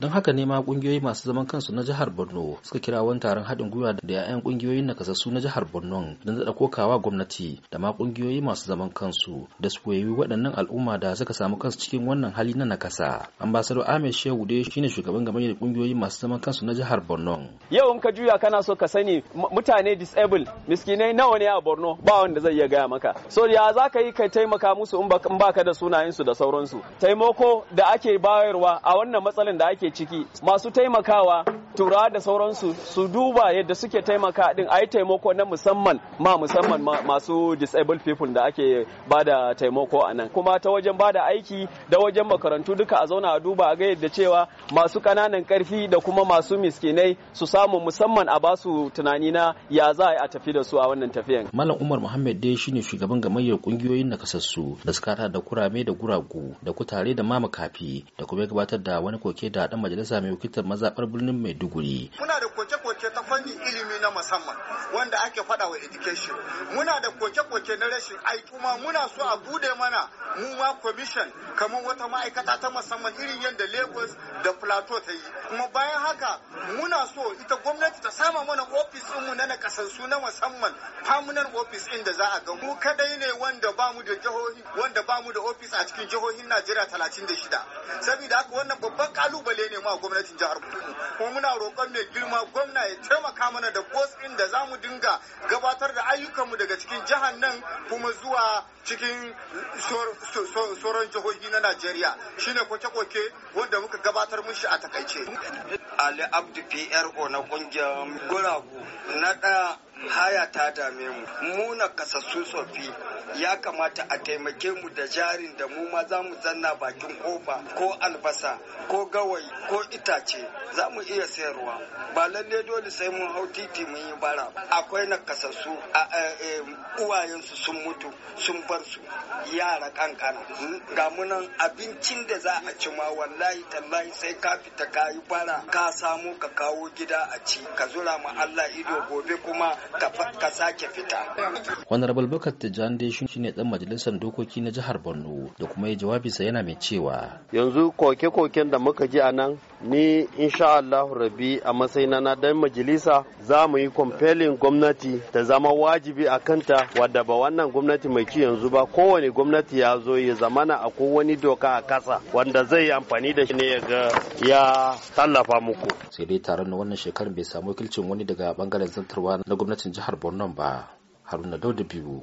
don haka ne ma kungiyoyi masu zaman kansu na jihar borno suka kira wani taron haɗin gwiwa da 'ya'yan kungiyoyin nakasassu na jihar borno don zaɗa kokawa gwamnati da ma kungiyoyi masu zaman kansu da su koyi waɗannan al'umma da suka samu kansu cikin wannan hali na nakasa ambassador ahmed shehu dai shine shugaban gamayyar kungiyoyi masu zaman kansu na jihar borno yau in ka juya kana so ka sani mutane disable miskinai nawa ne a borno ba wanda zai iya gaya maka so ya za yi ka taimaka musu in baka da sunayensu da sauransu taimako da ake bayarwa a wannan matsalin da ake ciki masu taimakawa tura da sauransu su duba yadda suke taimaka din a yi taimako na musamman ma musamman masu disabled people da ake ba da taimako a nan kuma ta wajen ba da aiki da wajen makarantu duka a zauna a duba a ga yadda cewa masu kananan karfi da kuma masu miskinai su samu musamman a basu tunani na ya za a tafi da su a wannan tafiyan Mallam umar muhammad dai shine shugaban gamayyar kungiyoyin nakasassu da suka da kurame da guragu da kutare da mamakafi da kuma gabatar da wani koke da dan majalisa mai wakiltar mazabar birnin mai Maiduguri. Muna da koke-koke ta fannin ilimi na musamman wanda ake faɗa wa education. Muna da koke-koke na rashin aiki kuma muna so a bude mana mu ma commission kamar wata ma'aikata ta musamman irin yadda Lagos da Plateau ta yi. Kuma bayan haka muna so ita gwamnati kama mana ofis ɗinmu na nakasassu na musamman permanent ofis ɗin da za a ga mu kadai ne wanda ba mu da jihohi wanda ba mu da ofis a cikin jihohin Najeriya talatin da shida saboda haka wannan babban kalubale ne ma gwamnatin jihar Kudu kuma muna roƙon mai girma gwamna ya taimaka mana da bos ɗin da za mu dinga gabatar da ayyukanmu daga cikin jihar nan kuma zuwa cikin sauran jihohi na Najeriya shine koke-koke wanda muka gabatar mushi a takaice. Ali Abdu PRO na kungiyar guragu na ɗaya haya ta dame mu mu na kasassu sofi ya kamata a taimake mu da jarin da mu ma za mu zanna bakin kofa ko albasa ko gawayi ko itace za mu iya sayarwa ba lalle dole sai mun hau titi mun yi bara akwai nakasassu a e, uwayensu sun mutu sun bar su yara kankana ga munan abincin da za a ci ma wallahi tallahi sai ka fita ka yi bara ka samu ka kawo gida a ci ka zura ma Allah ido gobe kuma ka sake fita. Honorable Bukar Tijjani shine dan majalisar dokoki na jihar Borno da kuma yi jawabinsa yana mai cewa yanzu koke-koken da muka ji a nan ni insha Allahu rabi a matsayina na dan majalisa za mu yi compelling gwamnati ta zama wajibi a kanta wadda ba wannan gwamnati mai ci yanzu ba kowane gwamnati ya zo ya zamana a wani doka a kasa wanda zai yi amfani da shi ne ya ga ya tallafa muku sai dai taron na wannan shekarar bai samu wakilcin wani daga bangaren zantarwa na gwamnatin jihar Borno ba Haruna Dauda biyu